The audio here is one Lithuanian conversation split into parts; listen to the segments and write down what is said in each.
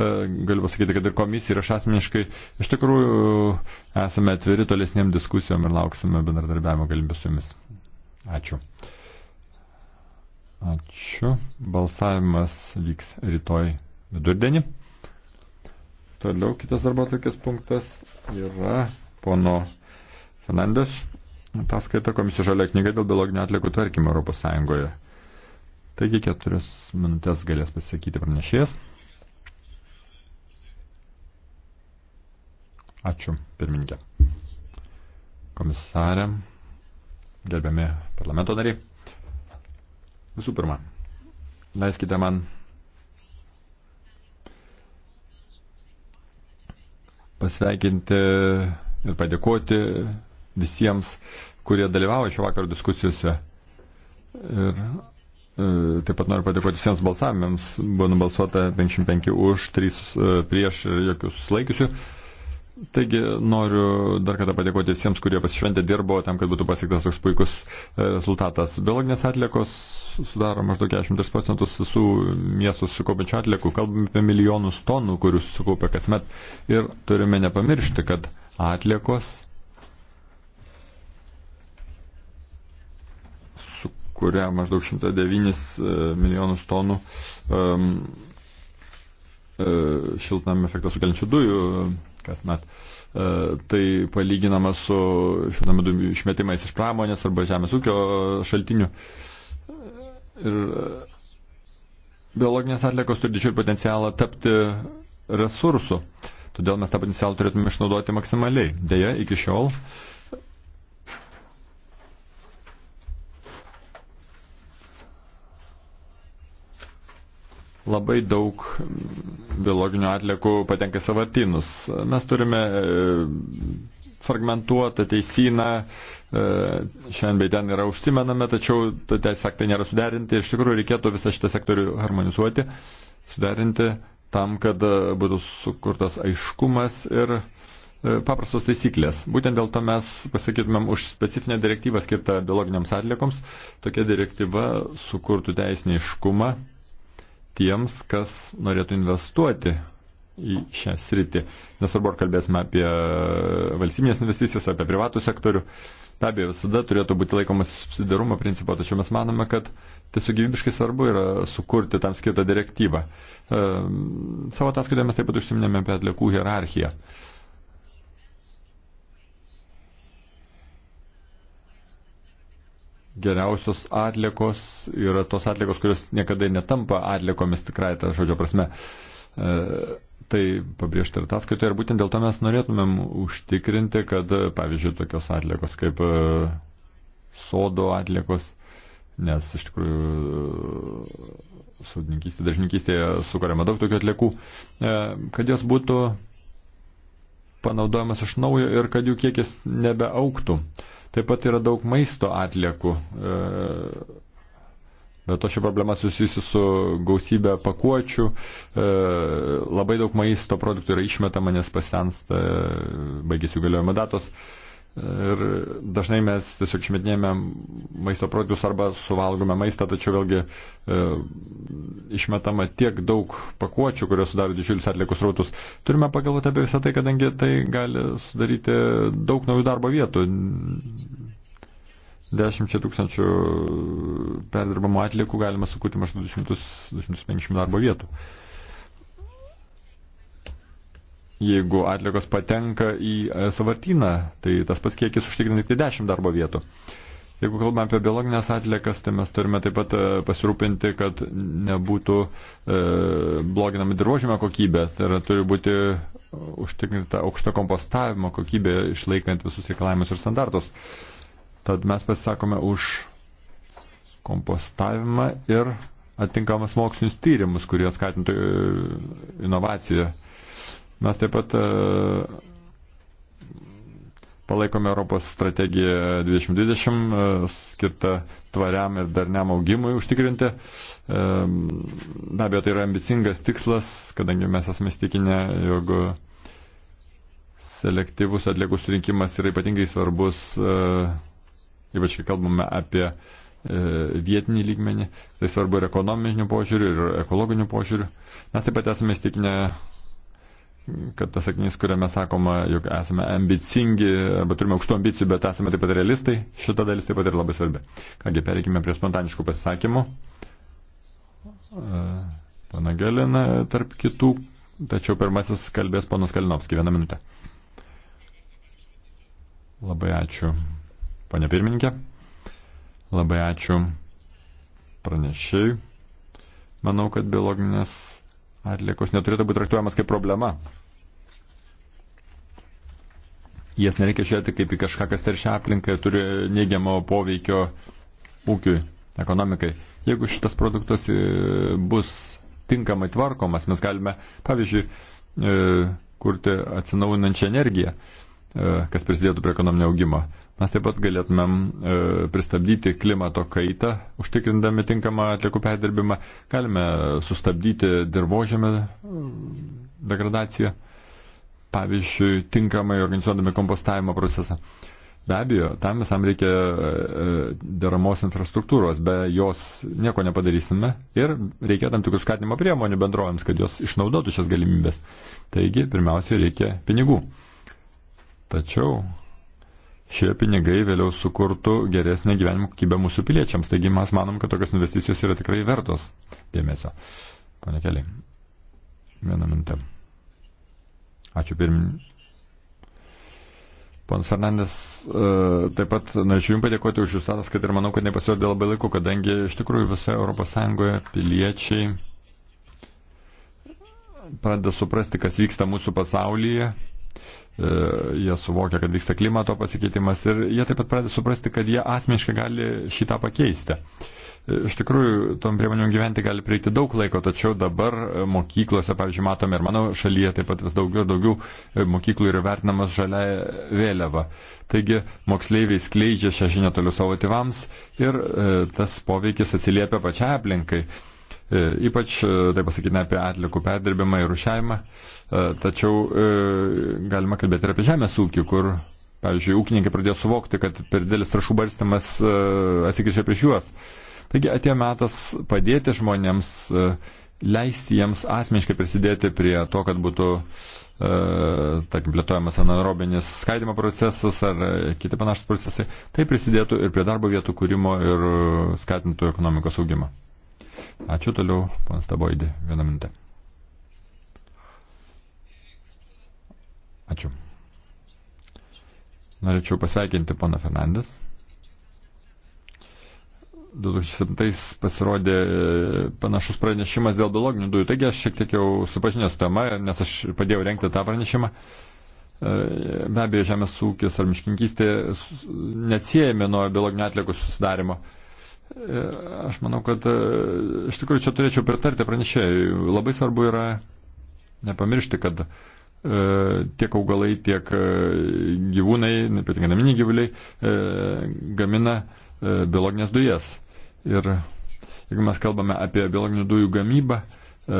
E, galiu pasakyti, kad ir komisija, ir aš asmeniškai iš tikrųjų esame atviri tolesniem diskusijom ir lauksime bendradarbiavimo galimybę su jumis. Ačiū. Ačiū. Balsavimas vyks rytoj vidurdienį. Toliau kitas darbo atlikės punktas yra pono Fernandes ataskaita komisijos žalia knyga dėl biologinio atliekų tvarkymo Europos Sąjungoje. Taigi keturias minutės galės pasisakyti pranešėjas. Ačiū, pirmininkė. Komisarė, gerbiami parlamento nariai. Visų pirma, leiskite man pasveikinti ir padėkoti visiems, kurie dalyvavo šio vakaro diskusijose. Ir e, taip pat noriu padėkoti visiems balsavimams. Buvo nubalsuota 55 už, 3 e, prieš ir jokių susilaikiusių. E, Taigi noriu dar kartą padėkoti visiems, kurie pasišventė dirbo tam, kad būtų pasiektas toks puikus e, rezultatas. Biologinės atliekos sudaro maždaug 40 procentus visų miestų sukaupiančių atliekų. Kalbame apie milijonus tonų, kurių sukaupia kasmet. Ir turime nepamiršti, kad atliekos sukuria maždaug 109 e, milijonus tonų um, e, šiltnam efektą sukeliančių dujų kasmet. E, tai palyginama su šitame dujų išmetimais iš pramonės arba žemės ūkio šaltinių. Ir biologinės atlikos turi didžiulį potencialą tapti resursu. Todėl mes tą potencialą turėtume išnaudoti maksimaliai. Deja, iki šiol uh, labai daug biologinių atliekų patenka į savartinus. Mes turime e, fragmentuotą teisyną, e, šiandien bei ten yra užsimename, tačiau teisės aktai nėra suderinti ir iš tikrųjų reikėtų visą šitą sektorių harmonizuoti, suderinti tam, kad e, būtų sukurtas aiškumas ir paprastos taisyklės. Būtent dėl to mes pasakytumėm už specifinę direktyvą skirtą biologiniams atliekoms. Tokia direktyva sukurtų teisinį iškumą tiems, kas norėtų investuoti į šią sritį. Nesvarbu, ar kalbėsime apie valstybinės investicijas, apie privatų sektorių. Be abejo, visada turėtų būti laikomas subsidarumo principo, tačiau mes manome, kad tiesiog gyvybiškai svarbu yra sukurti tam skirtą direktyvą. E, savo ataskaitoje mes taip pat užsiminėme apie atliekų hierarchiją. E, geriausios atlikos yra tos atlikos, kurios niekada netampa atlikomis tikrai tą žodžio prasme. E, tai pabrėžti ir ataskaitoje. Ir būtent dėl to mes norėtumėm užtikrinti, kad, pavyzdžiui, tokios atlikos kaip e, sodo atlikos, nes iš tikrųjų e, sodininkystėje, dažninkystėje sukuriama daug tokių atliekų, e, kad jos būtų panaudojamas iš naujo ir kad jų kiekis nebeauktų. E, Taip pat yra daug maisto atliekų. E, Bet to ši problema susijusi su gausybė pakuočių, e, labai daug maisto produktų yra išmetama, nes pasensta, e, baigėsi jų galiojimo datos. Ir dažnai mes tiesiog išmetinėjame maisto produktus arba suvalgome maistą, tačiau vėlgi e, išmetama tiek daug pakuočių, kurios sudaro didžiulius atlikus rautus. Turime pagalvoti apie visą tai, kadangi tai gali sudaryti daug naujų darbo vietų. Dešimčia tūkstančių perdirbamų atlikų galima sukurti maždaug 200-250 darbo vietų. E, Jeigu atlikos patenka į e, savartyną, tai tas pats kiekis užtikrina tik 10 tai darbo vietų. Jeigu kalbame apie biologinės atliekas, tai mes turime taip pat e, pasirūpinti, kad nebūtų e, bloginama dirbožymio kokybė. Tai yra, turi būti užtikrinta aukšta kompostavimo kokybė, išlaikant visus reikalavimus ir standartus. Tad mes pasisakome už kompostavimą ir atinkamas mokslinius tyrimus, kurie skatintų e, inovaciją. Mes taip pat e, palaikome Europos strategiją 2020, e, skirtą tvariam ir darniam augimui užtikrinti. E, be abejo, tai yra ambicingas tikslas, kadangi mes esame įstikinę, jog selektyvus atliekų surinkimas yra ypatingai svarbus, ypač kai kalbame apie vietinį lygmenį, tai svarbu ir ekonominių požiūrių, ir ekologinių požiūrių. Mes taip pat esame įstikinę, kad tas sakinys, kuriame sakoma, jog esame ambicingi, arba turime aukštų ambicijų, bet esame taip pat realistai, šita dalis taip pat yra labai svarbi. Kągi, pereikime prie spontaniškų pasisakymų. E, pana Gelina, tarp kitų, tačiau pirmasis kalbės panas Kalinovski, vieną minutę. Labai ačiū, pane pirmininkė. Labai ačiū pranešėjui. Manau, kad biologinės atliekos neturėtų būti traktuojamas kaip problema. Jas nereikia žiūrėti kaip į kažką, kas teršia aplinką ir turi neigiamo poveikio ūkiui, ekonomikai. Jeigu šitas produktas e, bus tinkamai tvarkomas, mes galime, pavyzdžiui, e, kurti atsinaujinančią energiją. E, kas prisidėtų prie ekonominio augimo. Mes taip pat galėtumėm e, pristabdyti klimato kaitą, užtikrindami tinkamą atliekų perdirbimą, galime sustabdyti dirbožėmę mm, degradaciją, pavyzdžiui, tinkamai organizuodami kompostavimo procesą. Be abejo, tam visam reikia e, deramos infrastruktūros, be jos nieko nepadarysime ir reikia tam tikrų skatinimo priemonių bendrovėms, kad jos išnaudotų šias galimybės. Taigi, pirmiausia, reikia pinigų. Tačiau šie pinigai vėliau sukurtų geresnį gyvenimo kokybę mūsų piliečiams. Taigi mes manom, kad tokios investicijos yra tikrai vertos dėmesio. Pane Keliai, vieną minutę. Ačiū pirmininkai. Ponas Fernandės, e, taip pat norėčiau Jums padėkoti už Jūsų ataskaitą ir manau, kad nepasirodė labai laiku, kadangi iš tikrųjų visoje ES piliečiai pradeda suprasti, kas vyksta mūsų pasaulyje E, jie suvokia, kad vyksta klimato pasikeitimas ir jie taip pat pradeda suprasti, kad jie asmeniškai gali šitą pakeisti. E, iš tikrųjų, tom priemonėm gyventi gali prieiti daug laiko, tačiau dabar e, mokyklose, pavyzdžiui, matome ir mano šalyje taip pat vis daugiau ir daugiau mokyklų yra vertinamas žalia vėliava. Taigi moksleiviai skleidžia šią žinią toliau savo tėvams ir e, tas poveikis atsiliepia pačiai aplinkai. E, E, ypač, e, taip pasakytume, apie atlikų perdirbimą ir rušiavimą, e, tačiau galima kalbėti ir apie žemės ūkį, kur, pavyzdžiui, ūkininkai pradėjo suvokti, kad per didelis trašų barstymas atsikišė prieš juos. Taigi atėjo metas padėti žmonėms, leisti jiems asmeniškai prisidėti prie to, kad būtų tarkim, plėtojamas anaerobinis skaidimo procesas ar kiti panašus procesai, tai prisidėtų ir prie darbo vietų kūrimo ir skatintų ekonomikos augimą. Ačiū toliau, panas Taboidė, vieną minutę. Ačiū. Norėčiau pasveikinti pana Fernandes. 2007 pasirodė e, panašus pranešimas dėl biologinių dujų, taigi aš šiek tiek jau supažinęs temą, nes aš padėjau renkti tą pranešimą. E, be abejo, žemės ūkis ar miškinkystė neatsiejami nuo biologinių atliekų susidarimo. E, aš manau, kad e, iš tikrųjų čia turėčiau pritarti pranešėjai. Labai svarbu yra nepamiršti, kad e, tiek augalai, tiek gyvūnai, ypatingai naminiai gyvuliai, gamina biologinės dujas. Ir jeigu mes kalbame apie biologinių dujų gamybą, E,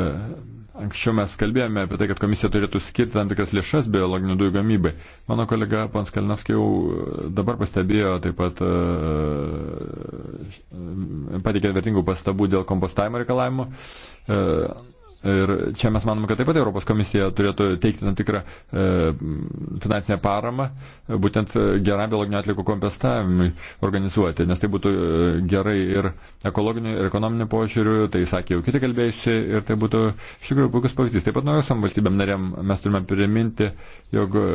anksčiau mes kalbėjome apie tai, kad komisija turėtų skirti tam tikras lėšas biologinių dujų gamybai. Mano kolega Pons Kalinovskis jau e, dabar pastebėjo, taip pat e, pateikė vertingų pastabų dėl kompostavimo reikalavimo. Ir čia mes manome, kad taip pat Europos komisija turėtų teikti tam tikrą e, finansinę paramą e, būtent e, geram biologinio atliko kompestavimui organizuoti, nes tai būtų e, gerai ir ekologiniu, ir ekonominiu požiūriu, tai sakė jau kiti kalbėjusi ir tai būtų iš tikrųjų puikus pavyzdys. Taip pat naujosiam valstybėm narėm mes turime priminti, jog e,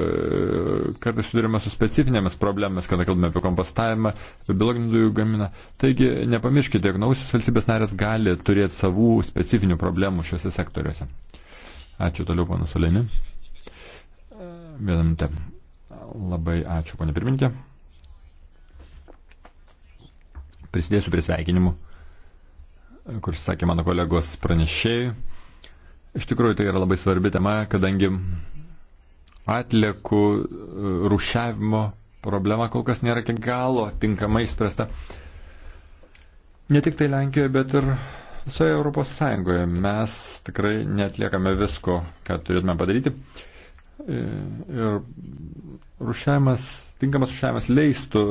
kartais sudurime su specifinėmis problemomis, kada kalbame apie kompostavimą, apie biologinių dujų gaminą. Taigi nepamirškite, jog naujasis valstybės narės gali turėti savų specifinių problemų šiuose sektoriuose. Ačiū toliau, panas Soleni. Vieną minutę. Labai ačiū, ponė pirmininkė. Prisidėsiu prie sveikinimų, kur sakė mano kolegos pranešėjai. Iš tikrųjų, tai yra labai svarbi tema, kadangi atliekų e, rušiavimo problema kol kas nėra iki galo tinkamai išspręsta. Ne tik tai Lenkijoje, bet ir Visoje Europos Sąjungoje mes tikrai netliekame visko, ką turėtume padaryti. E, ir rušiavimas, tinkamas rušiavimas leistų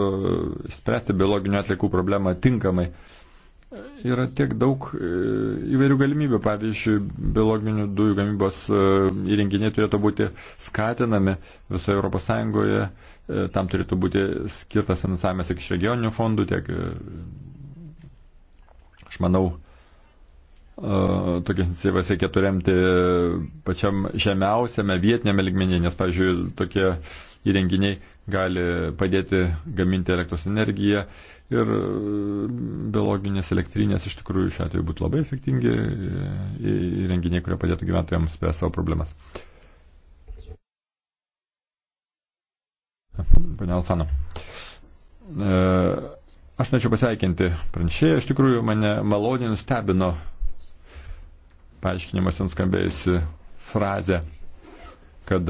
spręsti biologinių atliekų problemą tinkamai. Yra tiek daug e, įvairių galimybių, pavyzdžiui, biologinių dujų gamybos e, įrenginiai turėtų būti skatinami visoje Europos Sąjungoje, tam turėtų būti skirtas finansavimas tiek iš regioninių fondų, tiek, aš manau, tokias iniciatyvas reikėtų remti pačiam žemiausiame vietinėme ligmenyje, nes, pavyzdžiui, tokie įrenginiai gali padėti gaminti elektros energiją ir e, biologinės elektrinės iš tikrųjų šiuo atveju būtų labai efektingi e, įrenginiai, kurie padėtų gyventojams spręsti savo problemas. Pane Alfano. E, aš norėčiau pasveikinti pranešėją. Iš tikrųjų, mane maloniai nustebino paaiškinimuose nuskambėjusi frazė, kad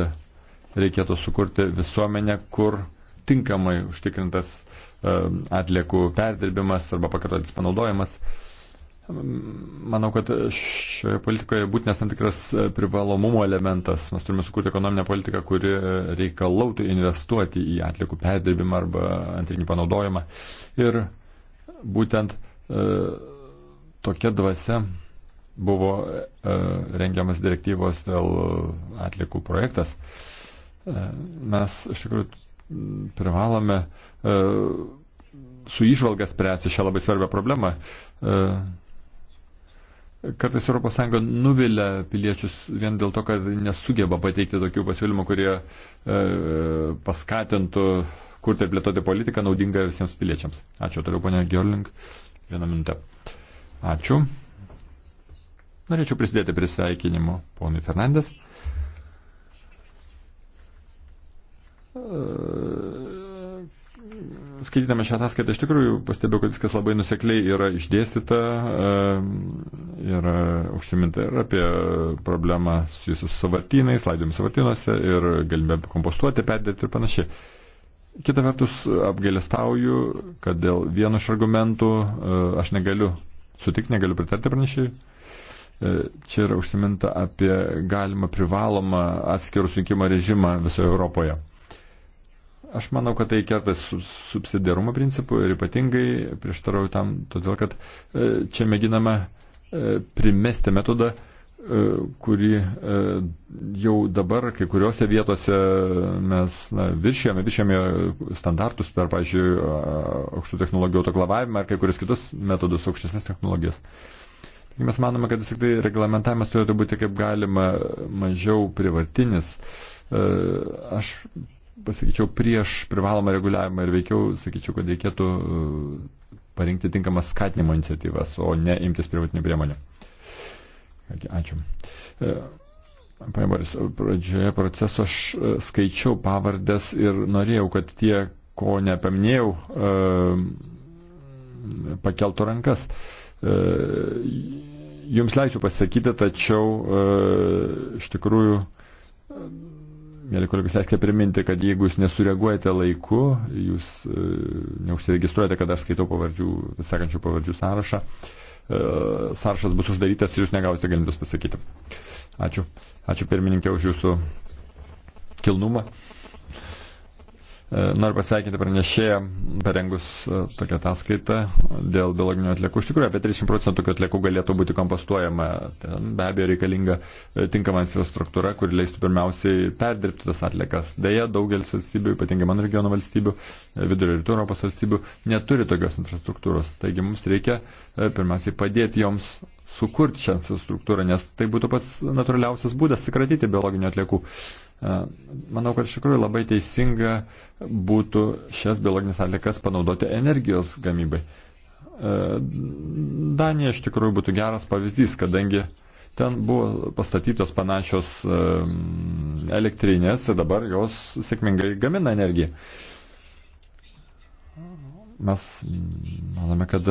reikėtų sukurti visuomenę, kur tinkamai užtikrintas e, atliekų perdirbimas arba pakartotis panaudojimas. Manau, kad šioje politikoje būtinas tam tikras privalomumo elementas. Mes turime sukurti ekonominę politiką, kuri reikalautų investuoti į atliekų perdirbimą arba antrinį panaudojimą. Ir būtent e, tokia dvasia buvo e, rengiamas direktyvos dėl atlikų projektas. E, mes iš tikrųjų privalome e, su išvalgas spręsti šią labai svarbią problemą. Kartais ES nuvilia piliečius vien dėl to, kad nesugeba pateikti tokių pasiūlymų, kurie e, paskatintų kurti ir plėtoti politiką naudingą visiems piliečiams. Ačiū toliau, ponia Gerling. Vieną minutę. Ačiū. Norėčiau prisidėti prie sveikinimo ponui Fernandės. E, skaitydama šią ataskaitą, iš tikrųjų pastebėjau, kad viskas labai nusekliai yra išdėstyta ir e, užsiminta ir apie problemą susijusius su savartynais, laidojimus savartynuose ir galimybę kompostuoti, perdėti ir panašiai. Kita vertus, apgailestauju, kad dėl vieno iš argumentų e, aš negaliu sutikti, negaliu pritarti pranešėjui. E, čia yra užsiminta apie galimą privalomą atskirų surinkimo režimą visoje Europoje. Aš manau, kad tai kertas subsidiarumo principu ir ypatingai prieštarauju tam, todėl kad e, čia mėginama e, primesti metodą, kurį jau dabar kai kuriuose vietose mes na, viršėjame, viršėjame standartus per, pažiūrėjau, aukštų technologijų autoklavavimą ar kai kurius kitus metodus, aukštesnės technologijas. Uh, Mes manome, kad vis tik tai reglamentavimas turėtų būti kaip galima mažiau privartinis. E, aš pasakyčiau prieš privalomą reguliavimą ir veikiau, sakyčiau, kad reikėtų e, parinkti tinkamas skatinimo iniciatyvas, o ne imtis privatinių priemonių. Ačiū. E, pane Boris, pradžioje proceso aš skaičiau pavardės ir norėjau, kad tie, ko nepaminėjau, pakeltų rankas. Uh, E, jums leisiu pasakyti, tačiau e, iš tikrųjų, mėly kolegos, leiskite priminti, kad jeigu jūs nesureaguojate laiku, jūs e, neužsiregistruojate, kada skaitau pavardžių, sekančių pavardžių sąrašą, sąrašas bus uždarytas ir jūs negausite galimybės pasakyti. Ačiū. Ačiū pirmininkė už jūsų kilnumą. E, noriu pasveikinti pranešėją, parengus e, tokią ataskaitą dėl biologinių atliekų. Iš tikrųjų, apie 30 procentų tokių atliekų galėtų būti kompostuojama. Ten be abejo reikalinga e, tinkama infrastruktūra, kuri leistų pirmiausiai perdirbti tas atliekas. Deja, daugelis valstybių, ypatingai mano regiono valstybių, vidurio ir rytų Europos valstybių, neturi tokios infrastruktūros. Taigi mums reikia pirmiausiai padėti joms sukurti šią infrastruktūrą, nes tai būtų pats natūraliausias būdas atsikratyti biologinių atliekų. Manau, kad iš tikrųjų labai teisinga būtų šias biologinės atlikas panaudoti energijos gamybai. Danija iš tikrųjų būtų geras pavyzdys, kadangi ten buvo pastatytos panašios elektrinės ir dabar jos sėkmingai gamina energiją. Mes manome, kad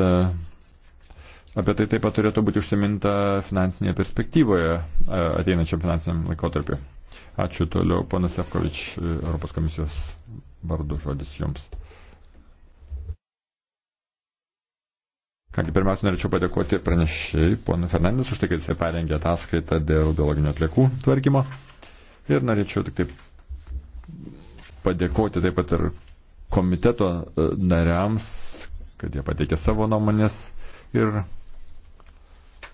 apie tai taip pat turėtų būti užsiminta finansinėje perspektyvoje ateinančiam finansiniam laikotarpiu. Ačiū toliau, ponas Sefkovič, Europos komisijos vardu žodis jums. Kągi, pirmiausia, norėčiau padėkoti pranešėjai, ponu Fernandes, už tai, kad jisai parengė ataskaitą dėl biologinio atliekų tvarkymo. Ir norėčiau tik taip padėkoti taip pat ir komiteto e, nariams, kad jie pateikė savo nuomonės ir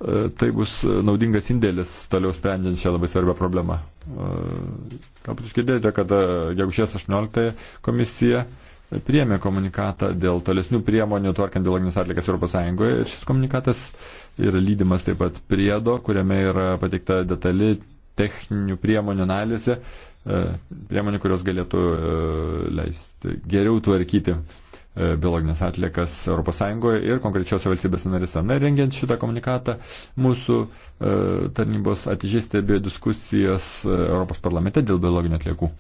E, tai bus naudingas indėlis toliau sprendžiant šią labai svarbią problemą. Galbūt e, išgirdėjote, kad e, gegužės 18 komisija priėmė komunikatą dėl tolesnių priemonių tvarkant biologines atlikas ES ir šis komunikatas yra lydimas taip pat priedo, kuriame yra pateikta detali techninių priemonių analizė, priemonių, kurios galėtų leisti geriau tvarkyti E, biologinės atliekas ES ir konkrečiose valstybės narėse. Na ir rengiant šitą komunikatą, mūsų e, tarnybos atidžiai stebėjo diskusijas e, Europos parlamente dėl biologinių atliekų.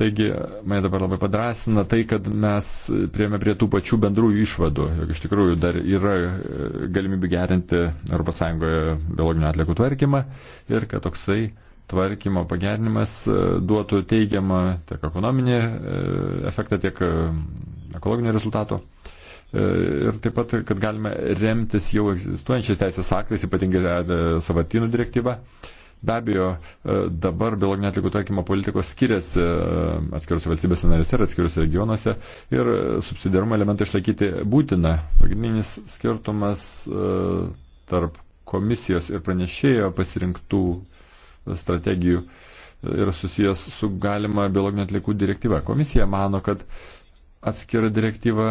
Taigi, mane dabar labai padrasina tai, kad mes prieėmė prie tų pačių bendrųjų išvadų, jog iš tikrųjų dar yra galimybių gerinti ES biologinių atliekų tvarkymą ir kad toksai uh, tvarkymo pagerinimas e, duotų teigiamą tiek ekonominį e, efektą, tiek e, ekologinį rezultatų. Ir taip pat, kad galime remtis jau egzistuojančiais teisės aktais, ypatingai savartynų direktyva. Be abejo, dabar biologinio atlikų tvarkymo politikos skiriasi atskiriuose valstybėse narėse ir atskiriuose regionuose ir subsidiarumo elementą išlaikyti būtina. Pagrindinis skirtumas tarp komisijos ir pranešėjo pasirinktų strategijų yra susijęs su galima biologinio atlikų direktyva. Komisija mano, kad atskira direktyva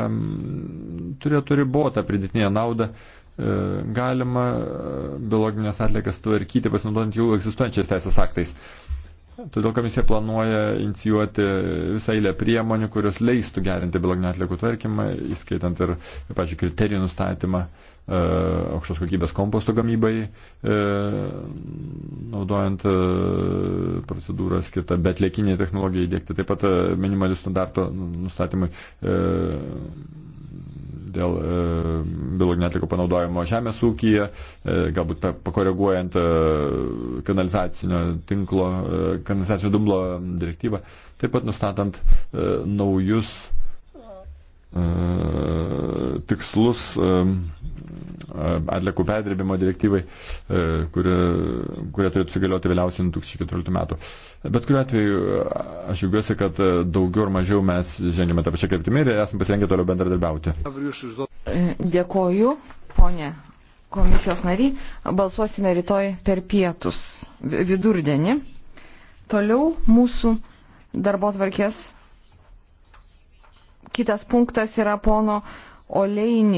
turėtų ribotą pridėtinę naudą. E, galima e, biologinės atlikas tvarkyti pasinaudojant jau egzistuojančiais teisės aktais. Todėl komisija planuoja inicijuoti visą eilę priemonių, kurios leistų gerinti biologinių atliekų tvarkymą, įskaitant ir, pažiūrėjau, kriterijų nustatymą e, aukštos kokybės komposto gamybai, e, naudojant e, procedūrą skirtą bet liekiniai technologijai įdėkti, taip pat minimalių standartų nustatymui dėl e, biologinio atliko panaudojimo žemės ūkyje, e, galbūt pakoreguojant e, kanalizacinio tinklo, kanalizacinio dumblo direktyvą, taip pat nustatant naujus tikslus atliekų perdirbimo direktyvai, e, kurie, kurie turėtų įsigalioti vėliausiai 2014 metų. Bet kuriuo atveju aš jaugiuosi, kad daugiau ar mažiau mes žengėme tą pačią kryptimį ir esame pasirengę toliau bendradarbiauti. Dėkoju, ponė komisijos nariai. Balsuosime rytoj per pietus vidurdienį. Toliau mūsų darbo tvarkės kitas punktas yra pono Oleinį.